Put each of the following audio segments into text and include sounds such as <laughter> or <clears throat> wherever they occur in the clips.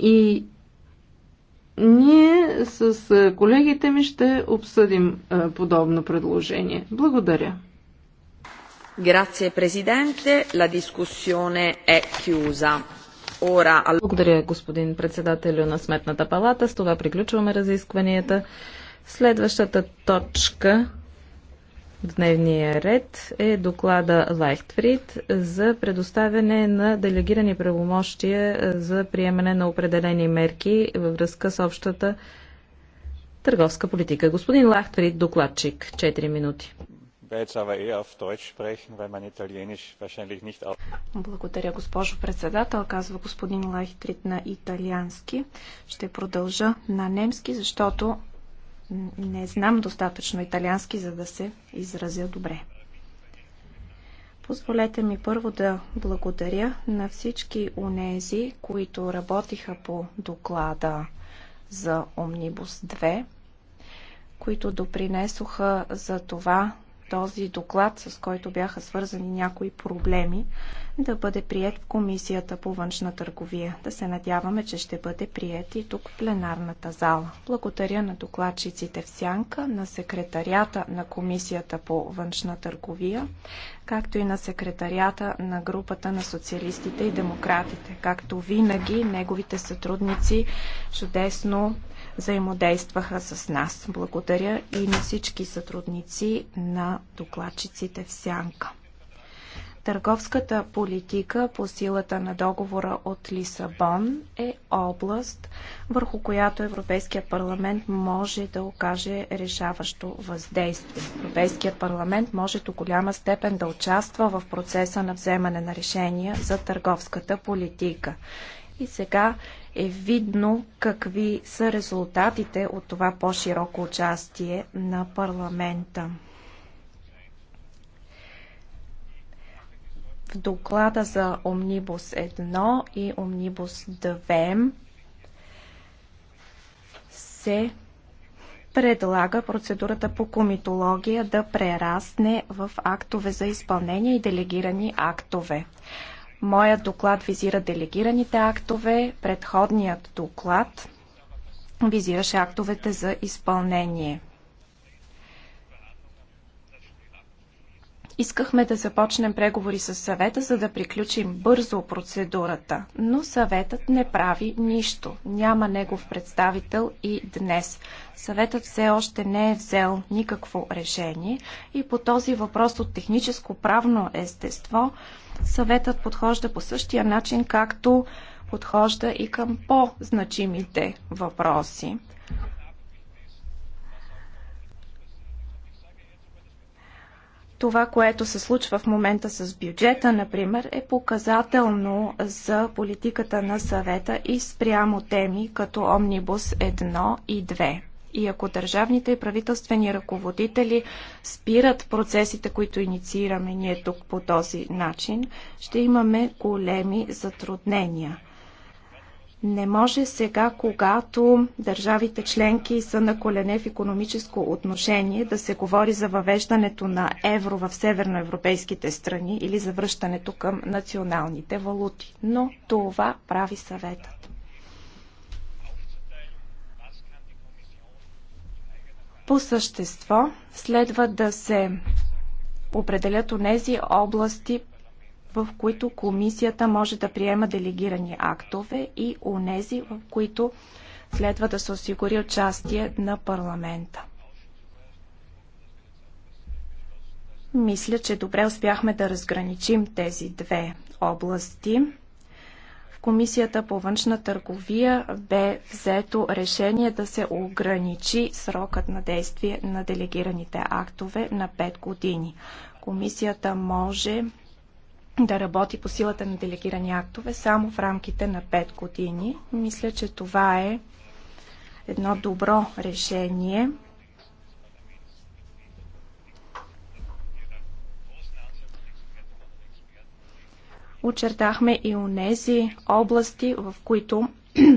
И ние с колегите ми ще обсъдим подобно предложение. Благодаря. Grazie Presidente, la discussione è chiusa. Ora... Благодаря, господин председателю на Сметната палата. С това приключваме разискванията. Следващата точка дневния ред е доклада Лайхтфрид за предоставяне на делегирани правомощия е, за приемане на определени мерки във връзка с общата търговска политика. Господин Лайхтфрид, докладчик, 4 минути. Благодаря, госпожо председател, казва господин Лайхтрит на италиански. Ще продължа на немски, защото не знам достатъчно италиански, за да се изразя добре. Позволете ми първо да благодаря на всички унези, които работиха по доклада за Омнибус 2, които допринесоха за това този доклад, с който бяха свързани някои проблеми, да бъде прият в Комисията по външна търговия. Да се надяваме, че ще бъде прият и тук в пленарната зала. Благодаря на докладчиците в Сянка, на секретарията на Комисията по външна търговия, както и на секретарията на групата на социалистите и демократите. Както винаги, неговите сътрудници чудесно взаимодействаха с нас. Благодаря и на всички сътрудници на докладчиците в Сянка. Търговската политика по силата на договора от Лисабон е област, върху която Европейския парламент може да окаже решаващо въздействие. Европейският парламент може до голяма степен да участва в процеса на вземане на решения за търговската политика. И сега е видно какви са резултатите от това по-широко участие на парламента. В доклада за Омнибус 1 и Омнибус 2 се предлага процедурата по комитология да прерасне в актове за изпълнение и делегирани актове. Моят доклад визира делегираните актове, предходният доклад визираше актовете за изпълнение. Искахме да започнем преговори с съвета, за да приключим бързо процедурата, но съветът не прави нищо. Няма негов представител и днес. Съветът все още не е взел никакво решение и по този въпрос от техническо-правно естество съветът подхожда по същия начин, както подхожда и към по-значимите въпроси. Това, което се случва в момента с бюджета, например, е показателно за политиката на съвета и спрямо теми като Омнибус 1 и 2. И ако държавните и правителствени ръководители спират процесите, които инициираме ние тук по този начин, ще имаме големи затруднения. Не може сега, когато държавите членки са на колене в економическо отношение, да се говори за въвеждането на евро в северноевропейските страни или за връщането към националните валути. Но това прави съветът. По същество следва да се определят онези области, в които комисията може да приема делегирани актове и онези, в които следва да се осигури участие на парламента. Мисля, че добре успяхме да разграничим тези две области. В Комисията по външна търговия бе взето решение да се ограничи срокът на действие на делегираните актове на 5 години. Комисията може да работи по силата на делегирани актове само в рамките на 5 години. Мисля, че това е едно добро решение. Очертахме и онези области, в които <clears throat>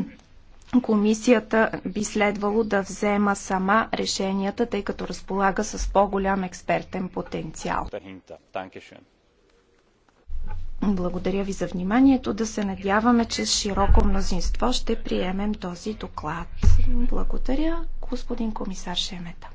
комисията би следвало да взема сама решенията, тъй като разполага с по-голям експертен потенциал. Благодаря ви за вниманието. Да се надяваме, че с широко мнозинство ще приемем този доклад. Благодаря, господин комисар Шемета.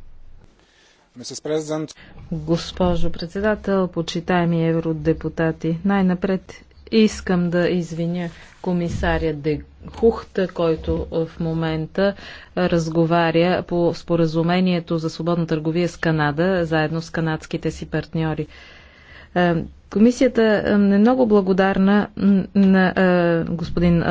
Госпожо председател, почитаеми евродепутати, най-напред искам да извиня комисаря Де Хухта, който в момента разговаря по споразумението за свободна търговия с Канада, заедно с канадските си партньори. Комисията е много благодарна на господин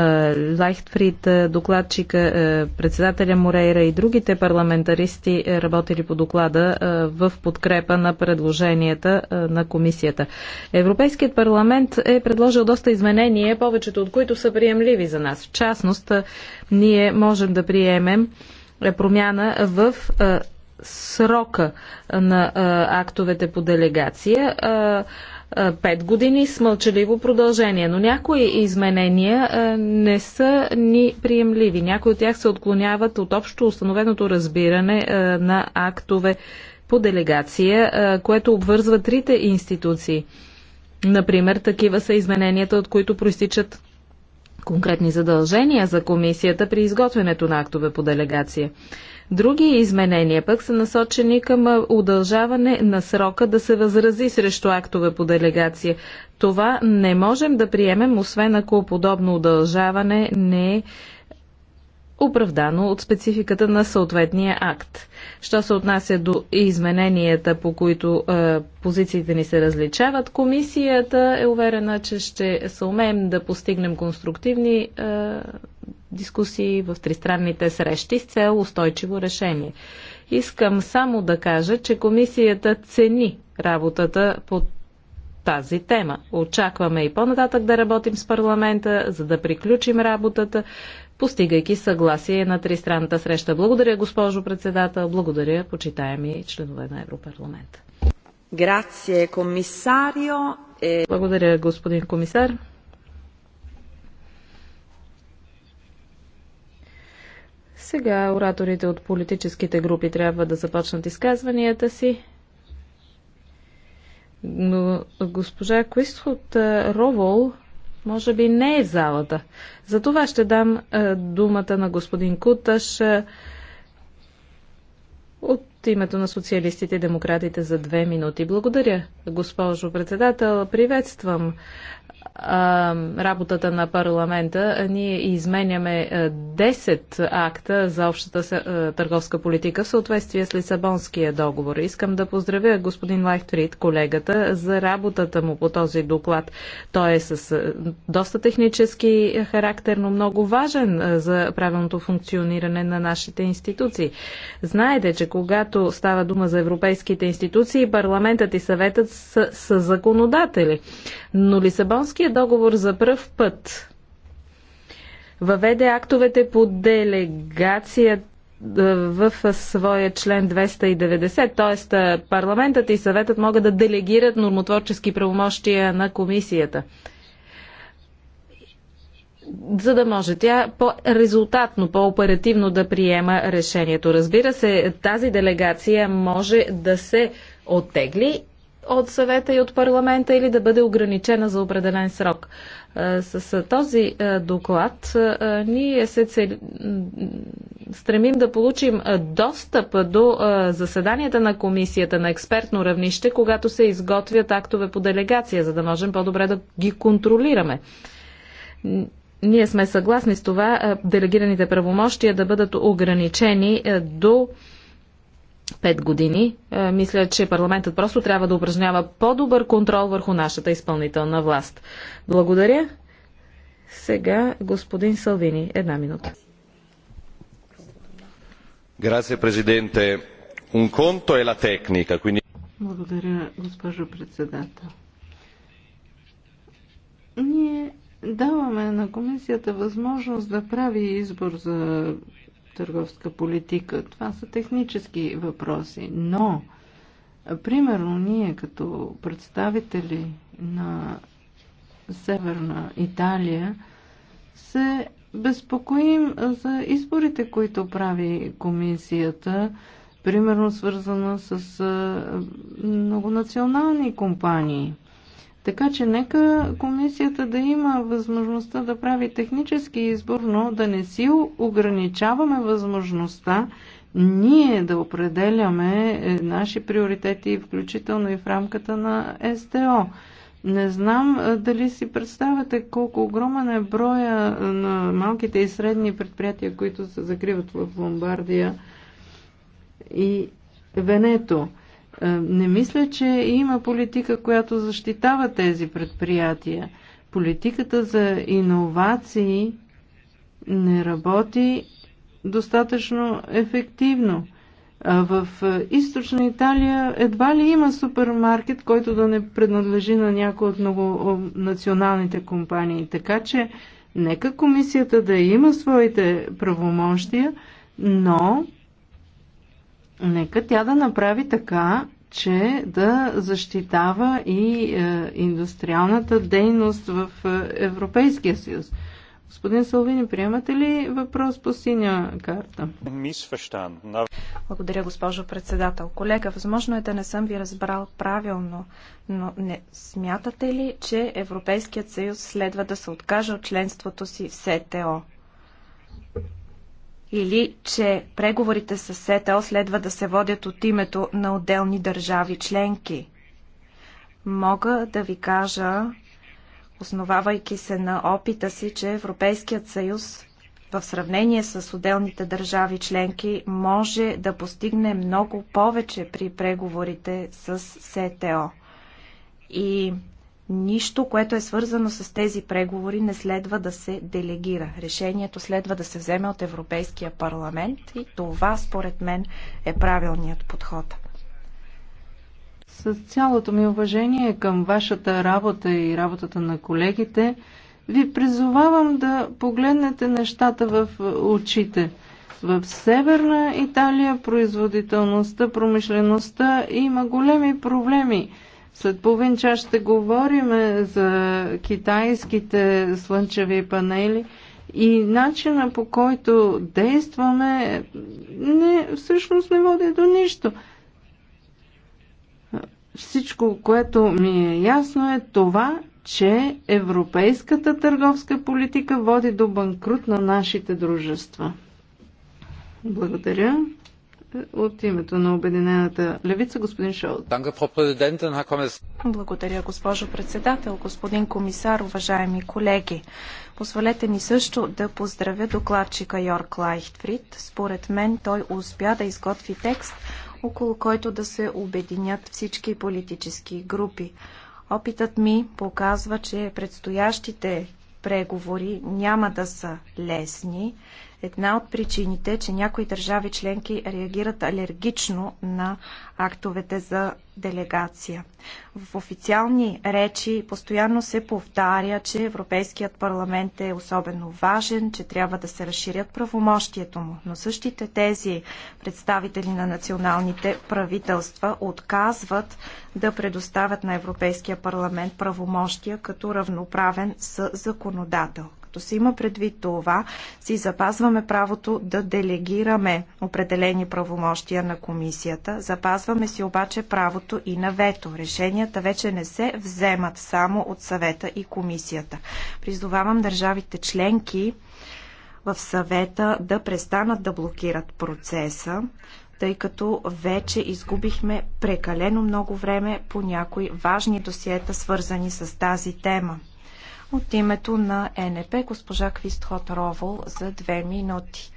Лайхтфрид, докладчика, председателя Морейра и другите парламентаристи, е, работили по доклада в подкрепа на предложенията на комисията. Европейският парламент е предложил доста изменения, повечето от които са приемливи за нас. В частност, ние можем да приемем е, промяна в срока на актовете по делегация пет години с мълчаливо продължение, но някои изменения не са ни приемливи. Някои от тях се отклоняват от общо установеното разбиране на актове по делегация, което обвързва трите институции. Например, такива са измененията, от които проистичат конкретни задължения за комисията при изготвянето на актове по делегация. Други изменения пък са насочени към удължаване на срока да се възрази срещу актове по делегация. Това не можем да приемем, освен ако подобно удължаване не е оправдано от спецификата на съответния акт. Що се отнася до измененията, по които е, позициите ни се различават, комисията е уверена, че ще съумеем да постигнем конструктивни е, дискусии, в тристранните срещи с цел устойчиво решение. Искам само да кажа, че комисията цени работата по тази тема. Очакваме и по-нататък да работим с парламента, за да приключим работата, постигайки съгласие на тристранната среща. Благодаря, госпожо председател, благодаря, почитаеми членове на Европарламента. Грация, комисарио. Е- благодаря, господин комисар. Сега ораторите от политическите групи трябва да започнат изказванията си. Но госпожа от Ровол може би не е в залата. За това ще дам думата на господин Куташ от името на социалистите и демократите за две минути. Благодаря, госпожо председател. Приветствам работата на парламента. Ние изменяме 10 акта за общата е, търговска политика в съответствие с Лисабонския договор. Искам да поздравя господин Лайфтрид, колегата, за работата му по този доклад. Той е с е, доста технически характер, но много важен е, за правилното функциониране на нашите институции. Знаете, че когато става дума за европейските институции, парламентът и съветът са, са законодатели. Но Лисабонския договор за пръв път въведе актовете по делегация е, в своя член 290, т.е. парламентът и съветът могат да делегират нормотворчески правомощия на комисията за да може тя по-резултатно, по-оперативно да приема решението. Разбира се, тази делегация може да се оттегли от съвета и от парламента или да бъде ограничена за определен срок. Е, с е, този е, доклад ние се цел... стремим да получим достъп до заседанията на комисията на експертно равнище, когато се изготвят актове по делегация, за да можем по-добре да ги контролираме. Ние сме съгласни с това делегираните правомощия да бъдат ограничени до пет години. Е, мисля, че парламентът просто трябва да упражнява по-добър контрол върху нашата изпълнителна власт. Благодаря. Сега господин Салвини. Една минута. Грация, президенте. Un conto è la tecnica, quindi... Благодаря, госпожо председател. Ние даваме на комисията възможност да прави избор за търговска политика. Това са технически въпроси, но примерно ние като представители на Северна Италия се безпокоим за изборите, които прави комисията, примерно свързана с многонационални компании – така че нека комисията да има възможността да прави технически избор, но да не си ограничаваме възможността ние да определяме е, наши приоритети, включително и в рамката на СТО. Не знам е, дали си представяте колко огромен е броя е, на малките и средни предприятия, които се закриват в Ломбардия и Венето. Е, не мисля, че има политика, която защитава тези предприятия. Политиката за иновации не работи достатъчно ефективно. В е, източна Италия едва ли има супермаркет, който да не принадлежи на някои от много националните компании. Така че нека комисията да има своите правомощия, но нека тя да направи така, че да защитава и е, индустриалната дейност в е, Европейския съюз. Господин Салвини, приемате ли въпрос по синя карта? Благодаря, госпожо председател. Колега, възможно е да не съм ви разбрал правилно, но не смятате ли, че Европейският съюз следва да се откаже от членството си в СТО? или че преговорите с СЕТАО следва да се водят от името на отделни държави членки. Мога да ви кажа, основавайки се на опита си, че Европейският съюз в сравнение с отделните държави членки може да постигне много повече при преговорите с СТО. И Нищо, което е свързано с тези преговори, не следва да се делегира. Решението следва да се вземе от Европейския парламент и това, според мен, е правилният подход. С цялото ми уважение към вашата работа и работата на колегите, ви призовавам да погледнете нещата в очите. В Северна Италия производителността, промишлеността има големи проблеми. След половин час ще говорим за китайските слънчеви панели и начина по който действаме не, всъщност не води до нищо. Всичко, което ми е ясно е това, че европейската търговска политика води до банкрут на нашите дружества. Благодаря. От името на Обединената левица, господин Шолт. Благодаря, госпожо председател, господин комисар, уважаеми колеги. Позволете ми също да поздравя докладчика Йорк Лайхтфрид. Според мен той успя да изготви текст, около който да се обединят всички политически групи. Опитът ми показва, че предстоящите преговори няма да са лесни. Една от причините че някои държави членки реагират алергично на актовете за делегация. В официални речи постоянно се повтаря, че Европейският парламент е особено важен, че трябва да се разширят правомощието му. Но същите тези представители на националните правителства отказват да предоставят на Европейския парламент правомощия като равноправен с законодател. Като се има предвид това, си запазваме правото да делегираме определени правомощия на комисията. Запазваме си обаче правото и на вето. Решенията вече не се вземат само от съвета и комисията. Призовавам държавите членки в съвета да престанат да блокират процеса, тъй като вече изгубихме прекалено много време по някои важни досиета, свързани с тази тема. От името на НП госпожа Квистхот Ровол за две минути.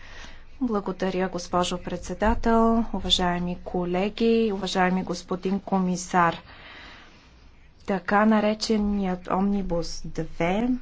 Благодаря, госпожо председател, уважаеми колеги, уважаеми господин комисар. Така нареченият Омнибус 2,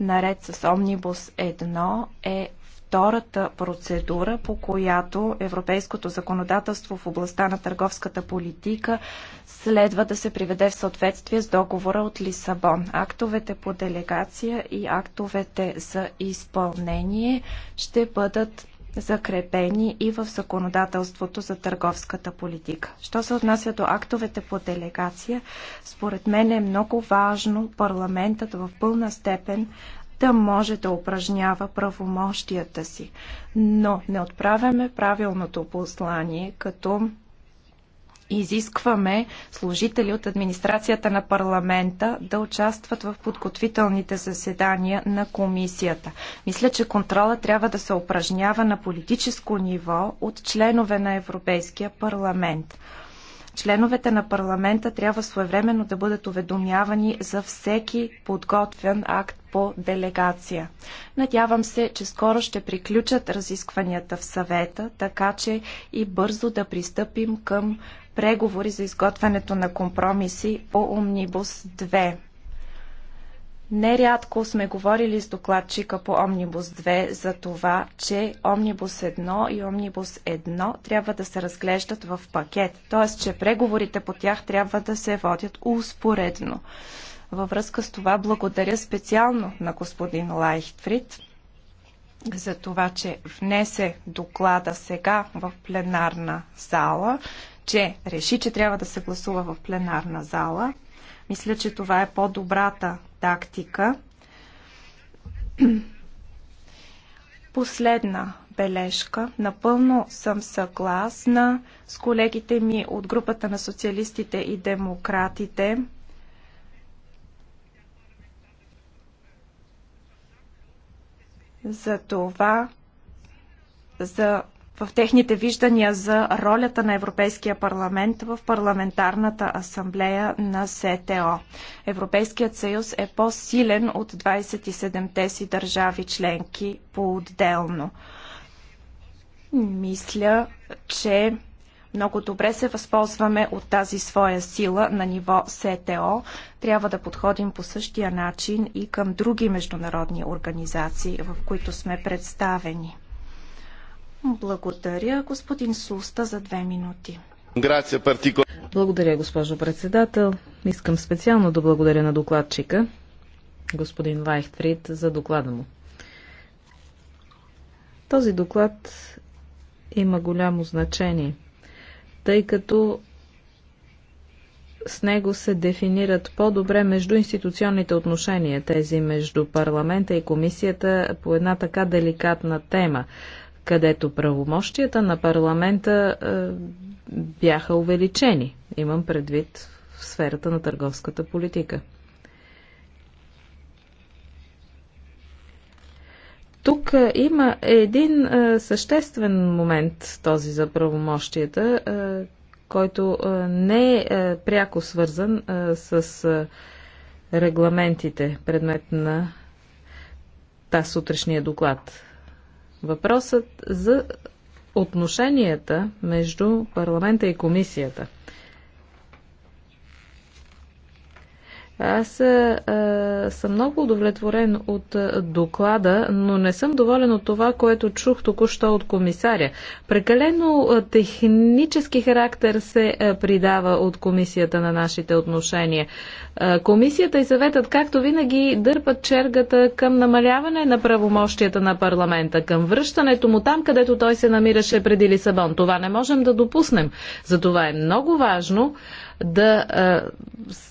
наред с Омнибус 1, е втората процедура, по която европейското законодателство в областта на търговската политика следва да се приведе в съответствие с договора от Лисабон. Актовете по делегация и актовете за изпълнение ще бъдат закрепени и в законодателството за търговската политика. Що се отнася до актовете по делегация, според мен е много важно парламентът в пълна степен да може да упражнява правомощията си. Но не отправяме правилното послание, като изискваме служители от администрацията на парламента да участват в подготвителните заседания на комисията. Мисля, че контрола трябва да се упражнява на политическо ниво от членове на Европейския парламент. Членовете на парламента трябва своевременно да бъдат уведомявани за всеки подготвен акт по делегация. Надявам се, че скоро ще приключат разискванията в съвета, така че и бързо да пристъпим към преговори за изготвянето на компромиси по Омнибус 2. Нерядко сме говорили с докладчика по Омнибус 2 за това, че Омнибус 1 и Омнибус 1 трябва да се разглеждат в пакет, т.е. че преговорите по тях трябва да се водят успоредно. Във връзка с това благодаря специално на господин Лайхтфрид за това, че внесе доклада сега в пленарна зала, че реши, че трябва да се гласува в пленарна зала. Мисля, че това е по-добрата тактика. Последна бележка. Напълно съм съгласна с колегите ми от групата на социалистите и демократите – за това, за, в техните виждания за ролята на Европейския парламент в парламентарната асамблея на СТО. Европейският съюз е по-силен от 27-те си държави членки по-отделно. Мисля, че много добре се възползваме от тази своя сила на ниво СТО. Трябва да подходим по същия начин и към други международни организации, в които сме представени. Благодаря, господин Суста, за две минути. Благодаря, госпожо председател. Искам специално да благодаря на докладчика, господин Лайхтфрид, за доклада му. Този доклад има голямо значение – тъй като с него се дефинират по-добре между институционните отношения, тези между парламента и комисията по една така деликатна тема, където правомощията на парламента е, бяха увеличени. Имам предвид в сферата на търговската политика. Тук има един съществен момент, този за правомощията, който не е пряко свързан с регламентите, предмет на тази сутрешния доклад. Въпросът за отношенията между парламента и комисията – Аз а, съм много удовлетворен от а, доклада, но не съм доволен от това, което чух току-що от комисаря. Прекалено а, технически характер се а, придава от комисията на нашите отношения. А, комисията и съветът, както винаги, дърпат чергата към намаляване на правомощията на парламента, към връщането му там, където той се намираше преди Лисабон. Това не можем да допуснем. Затова е много важно да а,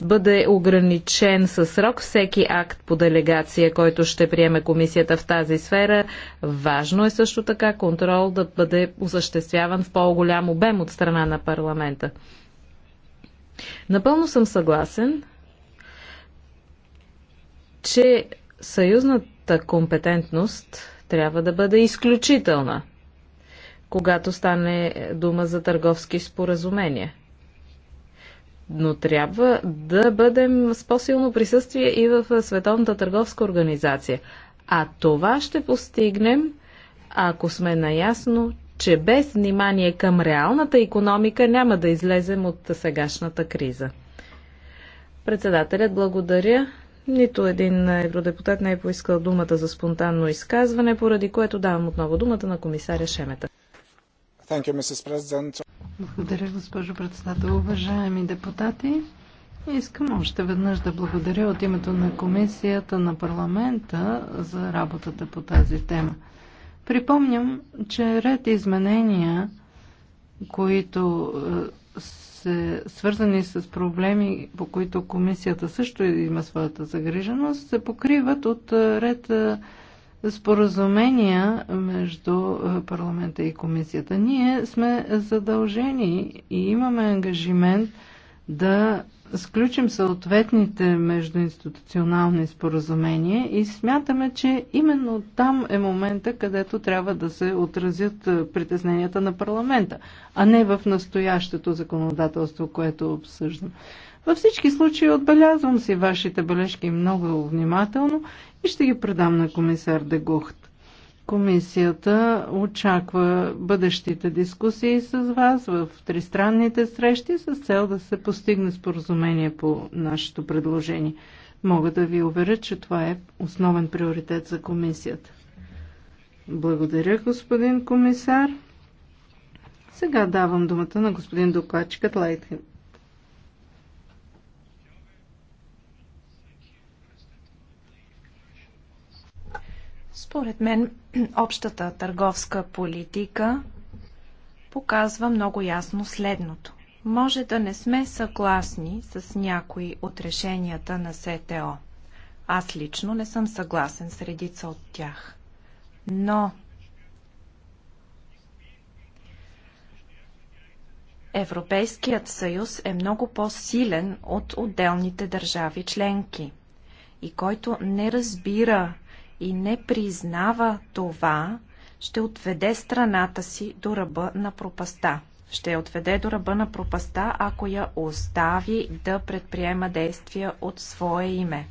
бъде ограничен със срок всеки акт по делегация, който ще приеме комисията в тази сфера. Важно е също така контрол да бъде осъществяван в по-голям обем от страна на парламента. Напълно съм съгласен, че съюзната компетентност трябва да бъде изключителна, когато стане дума за търговски споразумения – но трябва да бъдем с по-силно присъствие и в Световната търговска организация. А това ще постигнем, ако сме наясно, че без внимание към реалната економика няма да излезем от сегашната криза. Председателят благодаря. Нито един евродепутат не е поискал думата за спонтанно изказване, поради което давам отново думата на комисаря Шемета. Благодаря, госпожо председател. Уважаеми депутати, искам още веднъж да благодаря от името на комисията на парламента за работата по тази тема. Припомням, че ред изменения, които е, се, свързани с проблеми, по които комисията също има своята загриженост, се покриват от е, ред е, споразумения между е, парламента и комисията. Ние сме задължени и имаме ангажимент да сключим съответните междуинституционални споразумения и смятаме, че именно там е момента, където трябва да се отразят е, притесненията на парламента, а не в настоящето законодателство, което обсъждаме. Във всички случаи отбелязвам си вашите бележки много внимателно и ще ги предам на комисар Дегухт. Комисията очаква бъдещите дискусии с вас в тристранните срещи с цел да се постигне споразумение по нашето предложение. Мога да ви уверя, че това е основен приоритет за комисията. Благодаря, господин комисар. Сега давам думата на господин докладчикът Лайтхен. Според мен, <clears throat> общата търговска политика показва много ясно следното. Може да не сме съгласни с някои от решенията на СТО. Аз лично не съм съгласен с редица от тях. Но Европейският съюз е много по-силен от отделните държави членки и който не разбира и не признава това, ще отведе страната си до ръба на пропаста. Ще я отведе до ръба на пропаста, ако я остави да предприема действия от свое име.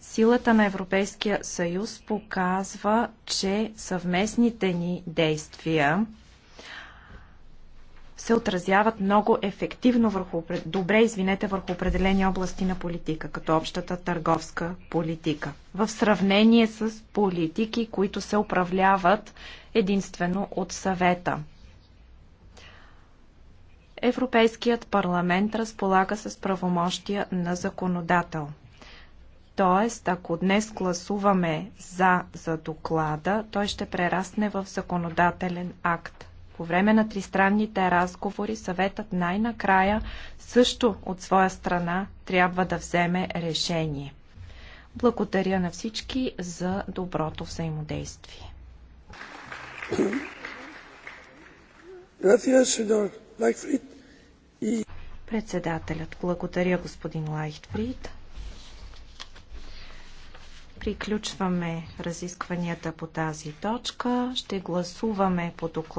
Силата на Европейския съюз показва, че съвместните ни действия се отразяват много ефективно върху, добре, извинете, върху определени области на политика, като общата търговска политика. В сравнение с политики, които се управляват единствено от съвета. Европейският парламент разполага с правомощия на законодател. Тоест, ако днес гласуваме за, за доклада, той ще прерасне в законодателен акт. По време на тристранните разговори съветът най-накрая също от своя страна трябва да вземе решение. Благодаря на всички за доброто взаимодействие. Председателят, благодаря господин Лайхтфрид. Приключваме разискванията по тази точка. Ще гласуваме по доклада.